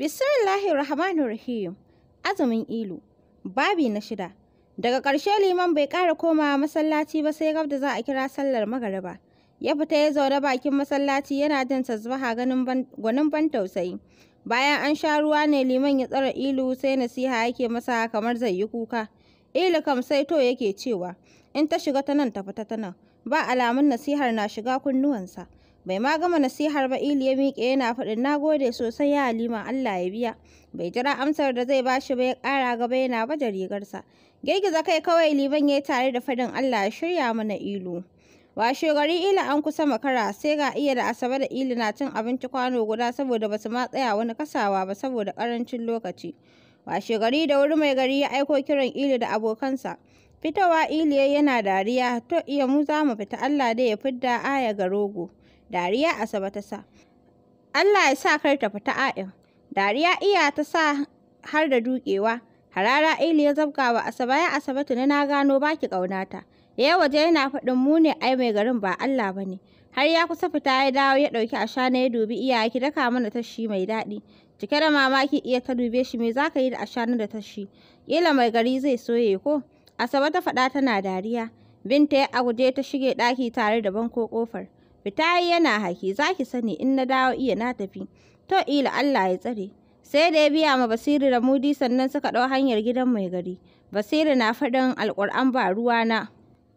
Bismillahir Rahmanir Rahim. Azumin Ilu. Babi na shida. Daga ƙarshe liman bai ƙara komawa masallaci ba sai gab da za a kira sallar magariba. Ya fita ya zaune bakin masallaci yana jin tasbaha ganin gwanin ban tausayi. Bayan an sha ruwa ne liman ya tsara ilu sai nasiha yake masa kamar zai yi kuka. Ilu kam sai to yake cewa in ta shiga ta nan ta fita ta nan. Ba alamun nasihar na shiga kunnuwansa. Bai ma gama nasihar ba Ili ya miƙe yana faɗin na gode sosai ya Halima Allah ya biya. Bai jira amsar da zai bashi ba ya ƙara gaba yana baje rigarsa. Girgiza kai kawai liban ya tare da faɗin Allah ya shirya mana ilu. Washe gari ila an kusa makara sai ga iya da asabe da ili na cin abinci kwano guda saboda basu ma tsaya wani kasawa ba saboda ƙarancin lokaci. Washe gari da wuri mai gari ya aiko kiran ili da abokansa. Fitowa ili yana dariya to iya mu za mu fita Allah dai ya fidda aya ga rogo. dariya Asabe ta sa. Allah ya sa kar ta fita a'in. Dariya iya ta sa har da dukewa. Harara ili ya zabga wa Asabe ya Asabe tuni na gano baki ƙaunata. Ya waje yana faɗin mu ne ai mai garin ba Allah ba ne. Har ya kusa fita ya dawo ya ɗauki ashana ya dubi iyaye ki daka mana tashi mai daɗi. Cike da mamaki iya ta dube shi me za ka yi da ashanu da tashi. Ƙila mai gari zai soye ko? Asabe ta faɗa tana dariya. Binta ya aguje ta shige ɗaki tare da banko ƙofar. Fita yana haki, za ki sani in na dawo iya na tafi. To ila Allah ya tsare. Sai da ya biya ma Basiru da Mudi sannan suka ɗau hanyar gidan mai gari. Basiru na faɗin alƙur'an ba ruwa na.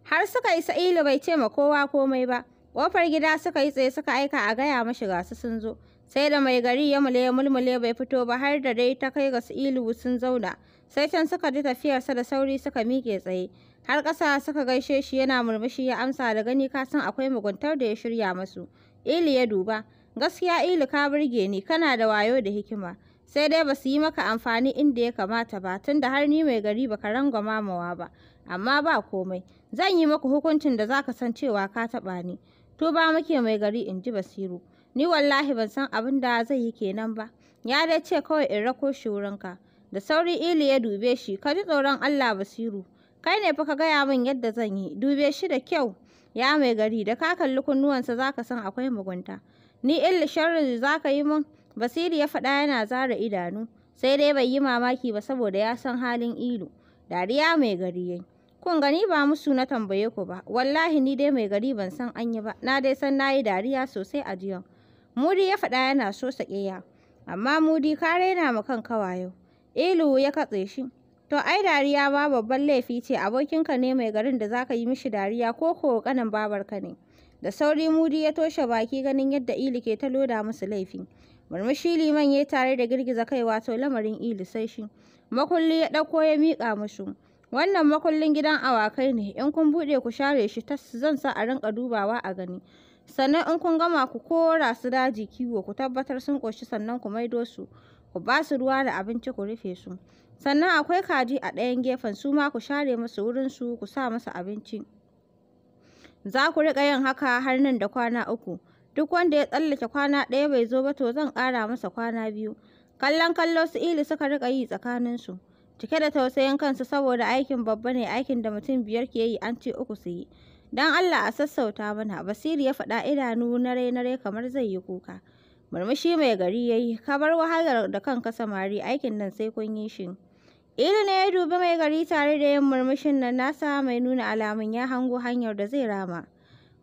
Har suka yi sa'ilu bai ce ma kowa komai ba. Ƙofar gida suka yi tsaye suka aika a gaya mashi gasu sun zo. Sai da mai gari ya mule mulmule bai fito ba har da dai ta kai ga sa'ilu sun zauna. Sai can suka ji tafiyarsa da sauri suka miƙe tsaye. har ƙasa suka gaishe shi yana murmushi ya amsa da gani ka san akwai muguntar da ya shirya masu ili ya duba gaskiya ili ka burge ni kana da wayo da hikima sai dai ba su yi maka amfani inda ya kamata ba da har ni mai gari baka rangwa mamawa ba amma ba komai zan yi maku hukuncin da za ka san cewa ka taɓa ni tuba muke mai gari in ji basiru ni wallahi ban san abin da zai yi kenan ba ya dai ce kawai in rako shi wurinka da sauri ili ya dube shi ka ji tsoron allah basiru Kai ne fa ka gaya min yadda zan yi, dube shi da kyau, ya mai gari, da ka kalli kunnuwansa za ka san akwai mugunta. Ni illa sharrin za ka yi min, Basiri ya faɗa yana zara idanu, sai dai bai yi mamaki ba saboda ya san halin ilu. Dariya mai gari yayi. Kun gani ba musu na tambaye ku ba, wallahi ni dai mai gari ban san an yi ba, na dai san nayi dariya sosai a jiya. Mudi ya faɗa yana so sakeya amma Mudi ka raina ma kan kawayo. Ilu ya katse shi, To ai dariya ba babban laifi ce abokin ka ne mai garin da zaka yi mishi dariya ko ko kanin babarka ne. Da sauri Mudi ya toshe baki ganin yadda Ili ke ta loda musu laifi. Murmushi liman ya tare da girgiza kai wato lamarin Ili sai shi. Makulli ya ɗauko ya miƙa musu. Wannan makullin gidan awakai ne, in kun buɗe ku share shi tas zan sa a rinka dubawa a gani. Sannan in kun gama ku kora su daji kiwo ku tabbatar sun ƙoshi sannan ku maido su. Ku ba su ruwa da abinci ku rufe su. sannan akwai kaji a ɗayan gefen su ma ku share musu wurinsu ku sa musu abinci za ku riƙa yin haka har nan da kwana uku duk wanda ya tsallake kwana ɗaya bai zo ba to zan ƙara masa kwana biyu kallon kallo su ili suka riƙa yi tsakaninsu cike da tausayin kansu saboda aikin babba ne aikin da mutum biyar ke yi an ce uku su yi don allah a sassauta mana basiri ya faɗa idanu na rai kamar zai yi kuka murmushi mai gari ya yi ka bar wahalar da kanka samari aikin nan sai kun yi shi Ili ne ya dubi mai gari tare da yin murmushin nan nasa mai nuna alamun ya hango hanyar da zai rama.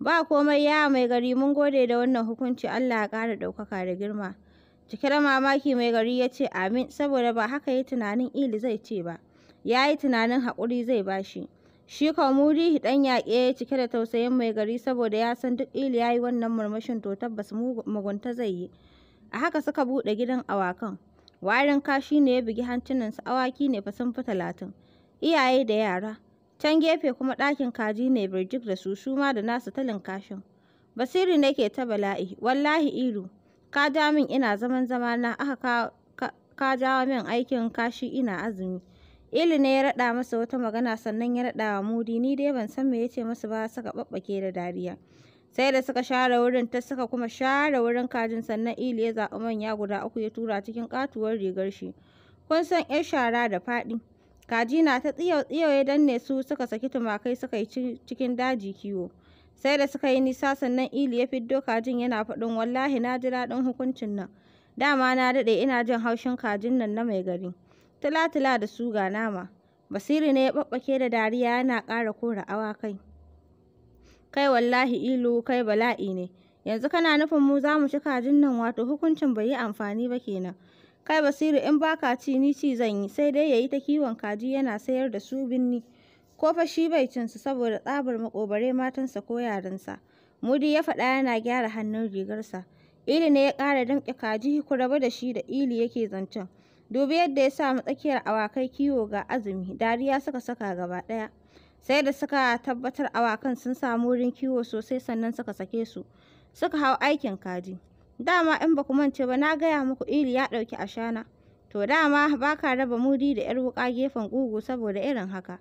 Ba komai ya mai gari mun gode da wannan hukunci Allah ya ƙara ɗaukaka da girma. Cike da mamaki mai gari ya ce amin saboda ba haka yi tunanin ili zai ce ba. Ya yi tunanin haƙuri zai bashi. Shi Kamurihi ɗan yaƙe cike da tausayin mai gari saboda ya san duk ili ya yi wannan murmushin to tabbas mugunta zai yi. A haka suka buɗe gidan awakan. warin kashi ne ya bugi su awaki ne fa sun fi talatin iyaye da yara can gefe kuma ɗakin kaji ne birjik da su suma da nasu talin kashin basiri ke ta bala'i wallahi iru ka ja min ina zaman zamana aka ka jawo min aikin kashi ina azumi Ili ne ya raɗa masa wata magana sannan ya raɗa wa Mudi ni dai ban san me ya ce masa ba saka ɓaɓɓake da dariya. sai da suka share wurin ta suka kuma share wurin kajin sannan ili ya zaɓi manya guda uku ya tura cikin katuwar rigar shi kun san yan shara da faɗi kaji na ta tsiyau tsiyau ya danne su suka saki tumakai suka yi cikin daji kiwo sai da suka yi nisa sannan ili ya fiddo kajin yana faɗin wallahi na ji daɗin hukuncin nan dama na daɗe ina jin haushin kajin nan na mai gari tula-tula da su ga nama basiri ne ya ɓaɓɓake da dariya yana ƙara kora awakai kai wallahi ilu kai bala'i ne yanzu kana nufin mu za mu ci kajin nan wato hukuncin bai yi amfani ba kenan kai basiru in baka ci ni ci zan yi sai dai yayi ta kiwon kaji yana sayar da su binni ko fa shi bai cin su saboda tsabar makobare matansa ko yaransa mudi ya faɗa yana gyara hannun rigarsa ili ne ya ƙara danƙe kaji ku rabu da shi da ili yake zancen dubi yadda ya sa mu tsakiyar awakai kiwo ga azumi dariya suka saka gaba ɗaya sai da suka tabbatar awakan sun samu wurin kiwo sosai sannan suka sake su suka hau aikin kaji dama in ba ku mance ba na gaya muku ili ya ɗauki ashana to dama ba ka raba mudi da yar wuka gefen gugu saboda irin haka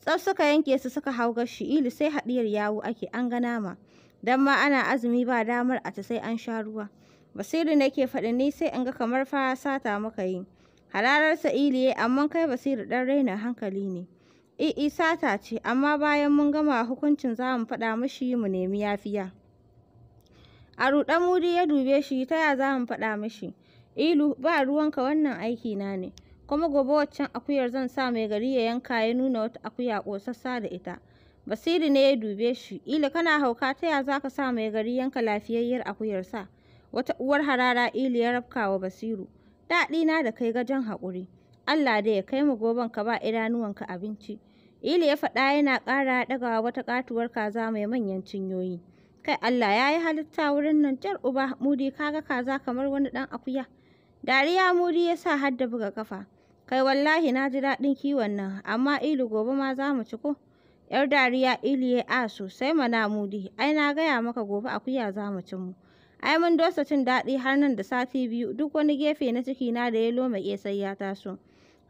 tsaf suka yanke su suka hau gashi ili sai haɗiyar yawo ake an ga nama dan ma ana azumi ba damar a ta sai an sha ruwa basiru nake faɗi ni sai in ga kamar fa sata muka yi halararsa iliye amma kai basiru ɗan raina hankali ne Ae e sata ce, amma bayan mun gama hukuncin za mu faɗa mashi mu nemi yafiya. A ruɗa Mudi ya dube shi, ta ya za mu faɗa mashi. Ilu, ba ruwanka wannan aiki na ne. Kuma gobe waccan akuyar zan sa mai gari ya yanka ya nuna wata akuya ƙosassa da ita. Basiru ne ya dube shi, Ilu kana hauka ta ya za ka sa mai gari yanka lafiyayyar akuyar sa. Wata uwar harara Ilu ya rafka wa Basiru. Daɗina da kai gajen haƙuri. Allah da ya kai mu goben ka ba idanuwanka abinci. Ili ya faɗa yana ƙara ɗagawa wata ƙatuwar kaza mai manyan cinyoyi. Kai Allah ya yi halitta wurin nan jar uba mudi kaga kaza kamar wani ɗan akuya. Dariya mudi ya sa har da buga kafa. Kai wallahi na ji daɗin kiwon nan amma ilu gobe ma za mu ci ko. Yar dariya ili ya a sosai mana mudi ai na gaya maka gobe akuya za mu ci mu. Ai mun dosa cin daɗi har nan da sati biyu duk wani gefe na ciki na da ya lomake sai ya taso.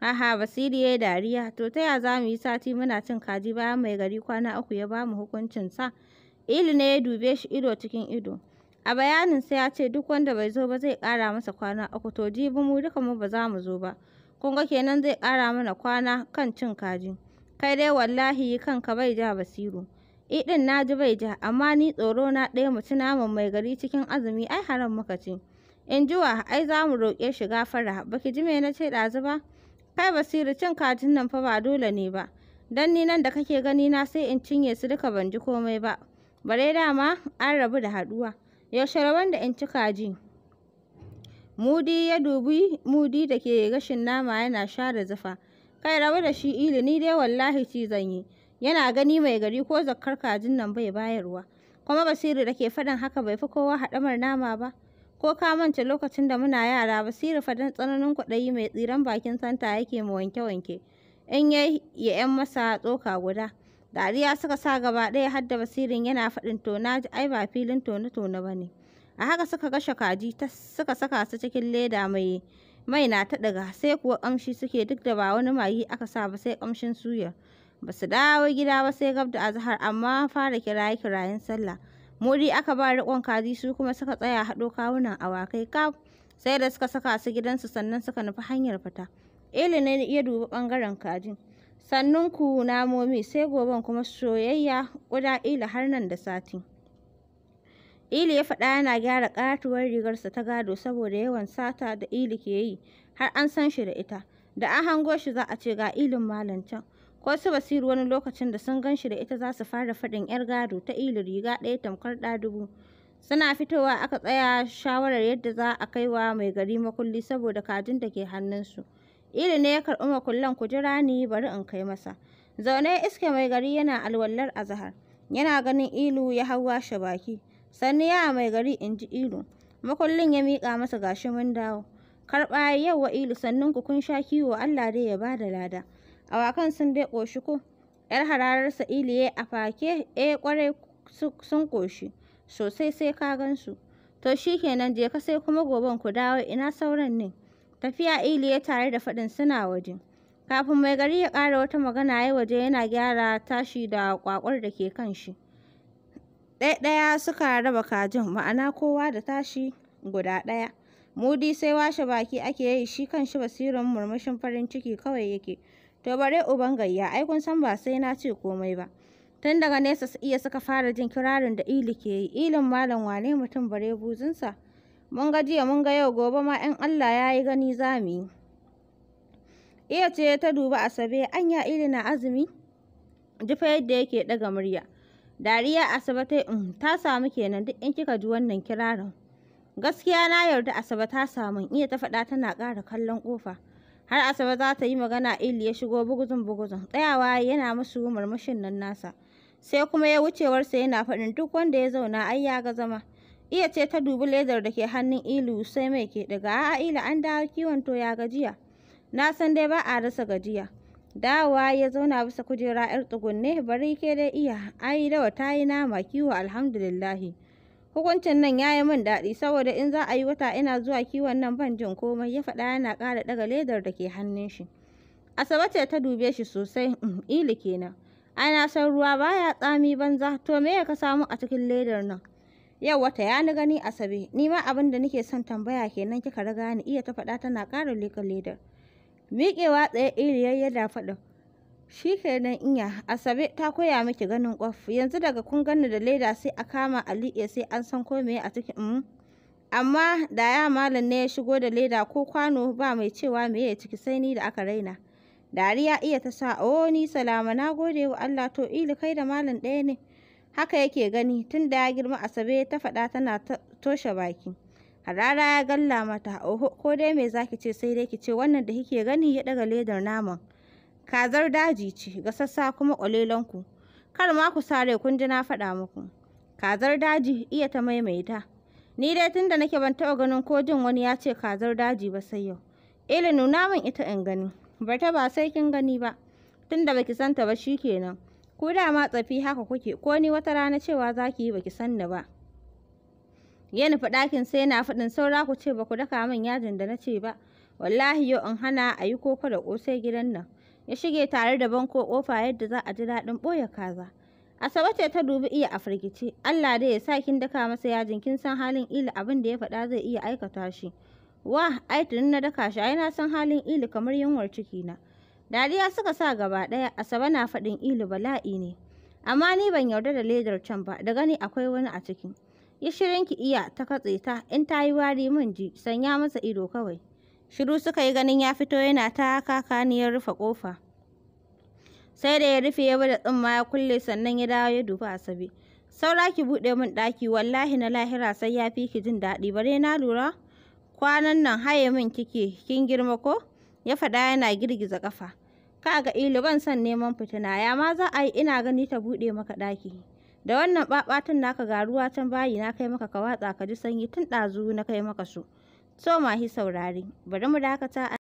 Aha Basiru ya yi dariya, to ta ya za mu yi sati muna cin kaji bayan mai gari kwana uku ya ba mu hukuncinsa? Ilu ne ya dube shi ido cikin ido. A bayaninsa ya ce duk wanda bai zo ba zai ƙara masa kwana uku to jibi mu duka mu ba za mu zo ba. Kun ga kenan zai ƙara mana kwana kan cin kaji. Kai dai wallahi kanka bai ja Basiru. ɗin na ji bai ja amma ni tsoro na ɗaya mu ci naman mai gari cikin azumi ai haram muka ce. In ji wa ai za mu roƙe shi gafara baki ji me na ce ɗazu ba? kai basiru cin kajin nan fa ba dole ne ba dan ni nan da kake gani na sai in cinye su duka ban ji komai ba bare dama an rabu da haduwa yaushe rabon da in ci kaji mudi ya dubi mudi da ke gashin nama yana share zufa kai rabu da shi ili ni dai wallahi ci zan yi yana gani mai gari ko zakkar kajin nan bai bayarwa kuma basiru da ke faɗin haka bai fi kowa haɗamar nama ba ko ka manta lokacin da muna yara basira fa dan tsananin kwaɗayi mai tsiran bakin santa yake mu wanke-wanke in ya ya yan masa tsoka guda dariya suka sa gaba ɗaya har da basirin yana faɗin tona ai ba filin tona-tona ba ne a haka suka gashe kaji ta suka saka su cikin leda mai mai na ta daga sai kuwa kamshi suke duk da ba wani mayi aka sa ba sai kamshin suya ba su dawo gida ba sai gabda da azhar amma fara kiraye kirayen sallah Muri aka ba riƙon kaji su kuma suka tsaya haɗo kawunan awakai kaf sai da suka saka su gidansu sannan suka nufi hanyar fita. ilin ne iya duba ɓangaren kajin. Sannun ku namomi sai goben kuma soyayya ƙuda ila har nan da sati. Ili ya faɗa yana gyara ƙatuwar rigarsa ta gado saboda yawan sata da Ili ke yi, har an san shi da ita. Da an hango shi za a ce ga Ilin malam can. ko su basiru wani lokacin da sun gan shi da ita za su fara faɗin 'yar gado ta ilu riga ɗaya tamkar ɗa dubu suna fitowa aka tsaya shawarar yadda za a kai wa mai gari makulli saboda kajin da ke hannunsu ilu ne ya karɓi makullan ku jira ni bari in kai masa zaune iske mai gari yana alwallar azahar yana ganin ilu ya hau washe baki sannu ya mai gari in ji ilu makullin ya miƙa masa gashi mun dawo karɓa yau wa ilu sannan ku kun sha kiwo allah dai ya ba da lada awakan sun dai ƙoshi ko yar hararar sa'ili a fake eh kwarai sun ƙoshi sosai sai ka gansu to shikenan je ka sai kuma goben ku dawo ina sauran ne tafiya iliye tare da faɗin suna waje kafin mai gari ya ƙara wata magana ya waje yana gyara tashi da kwakwar da ke kan shi ɗaya suka raba kajin ma'ana kowa da tashi guda ɗaya mudi sai washe baki ake yi shi kan shi basirin murmushin farin ciki kawai yake To bare uban gayya, ai kun san ba sai na ce komai ba. Tun daga nesa su iya suka fara jin kirarin da ili ke yi, ilin malam wane mutum bare buzinsa. Mun ga jiya mun ga yau gobe ma 'yan Allah ya yi gani za mu yi. Iya ce ta duba Asabe, anya ili na azumi? Jifa yadda yake ɗaga murya. Dariya Asabe ta um, ta samu kenan duk in kika ji wannan kirarin. Gaskiya na yarda Asabe ta samu iya ta faɗa tana ƙara kallon ƙofa. har asabe za ta yi magana il ya shigo buguzun buguzun tsayawa yana musu murmushin nan nasa sai kuma ya wucewarsa yana faɗin duk wanda ya zauna ai ya ga zama iya ce ta dubi ledar da ke hannun ilu sai mai ke daga a ila an dawo kiwon to ya gajiya na san dai ba a rasa gajiya dawowa ya zauna bisa kujera yar tsugunne bari ke dai iya ai dawa ta yi nama kiwo alhamdulillahi Hukuncin nan ya yi min daɗi saboda in za a yi wata ina zuwa kiwon nan ban jin komai ya faɗa yana ƙara ɗaga ledar da ke hannun shi. Asabe ce ta dube shi sosai mm, ili kenan. Ana san ruwa baya tsami banza to me ya ka samu a cikin ledar nan? Yau wata ya ni gani Asabe ni ma abin da nake son tambaya kenan kika riga ni iya ta faɗa tana ƙara leƙa ledar. Miƙewa tsaye ili ya da faɗin. Shi kenan inya, Asabe ta koya miki ganin kwaf. Yanzu daga kun ganni da leda sai a kama ali sai an san ko meye a cikin mm. Amma da ya malam ne ya shigo da leda ko kwano ba mai cewa meye ya ciki sai ni da aka raina. Dariya iya ta sa, "O oh, ni salama, na gode wa Allah to ili kai da malam ɗaya ne." Haka yake gani tun da ya girma Asabe ta faɗa tana toshe baki. Harara ya galla mata, "Oho, ko dai me zaki ce sai dai ki ce wannan da kike gani ya ɗaga ledar naman." kazar daji ce ga sassa kuma ƙwalelonku kar ma ku sare kun ji na faɗa muku kazar daji iya ta maimaita ni dai tunda nake ban taɓa ganin ko jin wani ya ce kazar daji ba sai yau ili nuna min ita in gani bata ba sai kin gani ba tunda baki ta ba shi kenan. ku dama tsafi haka kuke ko ni wata rana cewa za ki yi baki san ni ba ya nufi ɗakin sai na faɗin saura ku ce ba ku daka min yajin da na ce ba wallahi yau in hana a yi koko da ƙosai gidan nan ya shige tare da banko kofa yadda za a ji daɗin ɓoye kaza. Asabe ce ta dubi iya a firgice, Allah dai ya sa kin daka masa yajin kin san halin ila abin da ya faɗa zai iya aikata shi. Wa, ai tuni na daka shi, ai na san halin ili kamar yunwar ciki na. Dariya suka sa gaba ɗaya, Asabe na faɗin ili bala'i ne. Amma ni ban yarda da ledar can ba, da gani akwai wani a ciki. Yi shirin ki iya ta katse ta, in ta yi wari mun ji, sanya masa ido kawai. Shiru suka yi ganin ya fito yana ta kakaniyar rufe kofa. Sai da ya rufe ya bada tsumma ya kulle sannan ya dawo ya dubi Asabe. Saura ki buɗe min ɗaki wallahi na lahira sai ya fi ki jin daɗi bare na lura. Kwanan nan haye min kike kin girma ko? Ya faɗa yana girgiza ƙafa. ga ilu ban son neman fitina ya ma za a yi ina gani ta buɗe maka ɗaki. Da wannan ɓaɓatan naka ga ruwa can bayi na kai maka ka watsa ka ji sanyi tun ɗazu na kai maka su. ma hi saurari bari mu dakata a